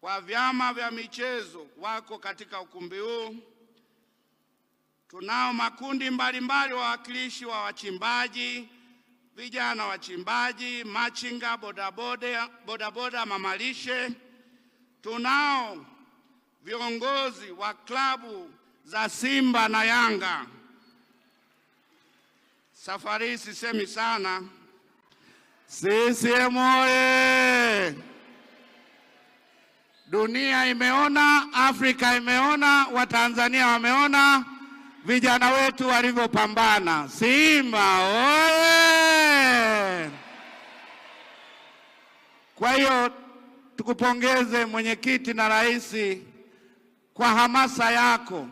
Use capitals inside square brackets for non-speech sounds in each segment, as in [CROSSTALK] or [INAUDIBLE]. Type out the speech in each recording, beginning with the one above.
Kwa vyama vya michezo wako katika ukumbi huu. Tunao makundi mbalimbali, wawakilishi wa wachimbaji, vijana wachimbaji, machinga, bodaboda, bodaboda, mamalishe. Tunao viongozi wa klabu za Simba na Yanga. Safari sisemi sana. CCM oye! Dunia imeona, Afrika imeona, Watanzania wameona vijana wetu walivyopambana. Simba oye! Kwa hiyo tukupongeze mwenyekiti na rais kwa hamasa yako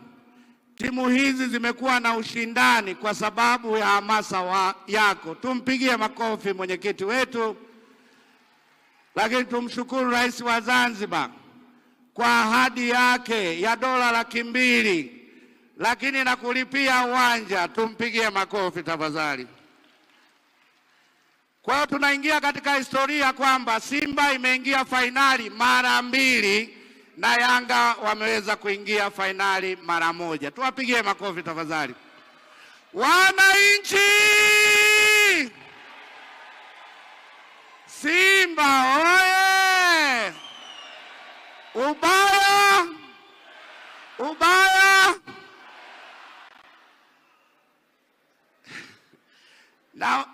Timu hizi zimekuwa na ushindani kwa sababu ya hamasa wa yako. Tumpigie makofi mwenyekiti wetu, lakini tumshukuru Rais wa Zanzibar kwa ahadi yake ya dola laki mbili, lakini na kulipia uwanja. Tumpigie makofi tafadhali. Kwa hiyo tunaingia katika historia kwamba Simba imeingia fainali mara mbili na Yanga wameweza kuingia fainali mara moja. Tuwapigie makofi tafadhali wananchi. Simba oye! Ubaya, ubaya! [LAUGHS] na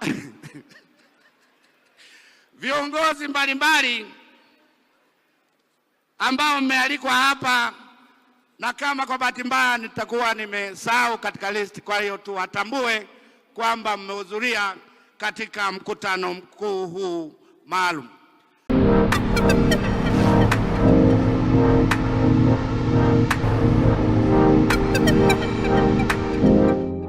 [LAUGHS] viongozi mbalimbali ambao mmealikwa hapa, na kama kwa bahati mbaya nitakuwa nimesahau katika listi, kwa hiyo tuwatambue kwamba mmehudhuria katika mkutano mkuu huu maalum.